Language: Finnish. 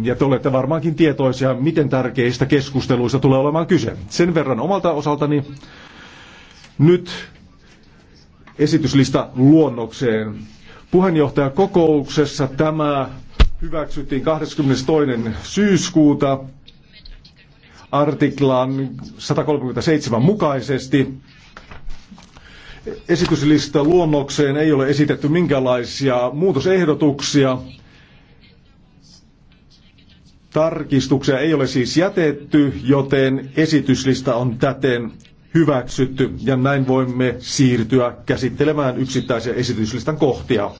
Ja te olette varmaankin tietoisia, miten tärkeistä keskusteluista tulee olemaan kyse. Sen verran omalta osaltani nyt esityslista luonnokseen. Puheenjohtajakokouksessa tämä hyväksyttiin 22. syyskuuta artiklan 137 mukaisesti. Esityslista luonnokseen ei ole esitetty minkälaisia muutosehdotuksia. Tarkistuksia ei ole siis jätetty, joten esityslista on täten hyväksytty ja näin voimme siirtyä käsittelemään yksittäisiä esityslistan kohtia.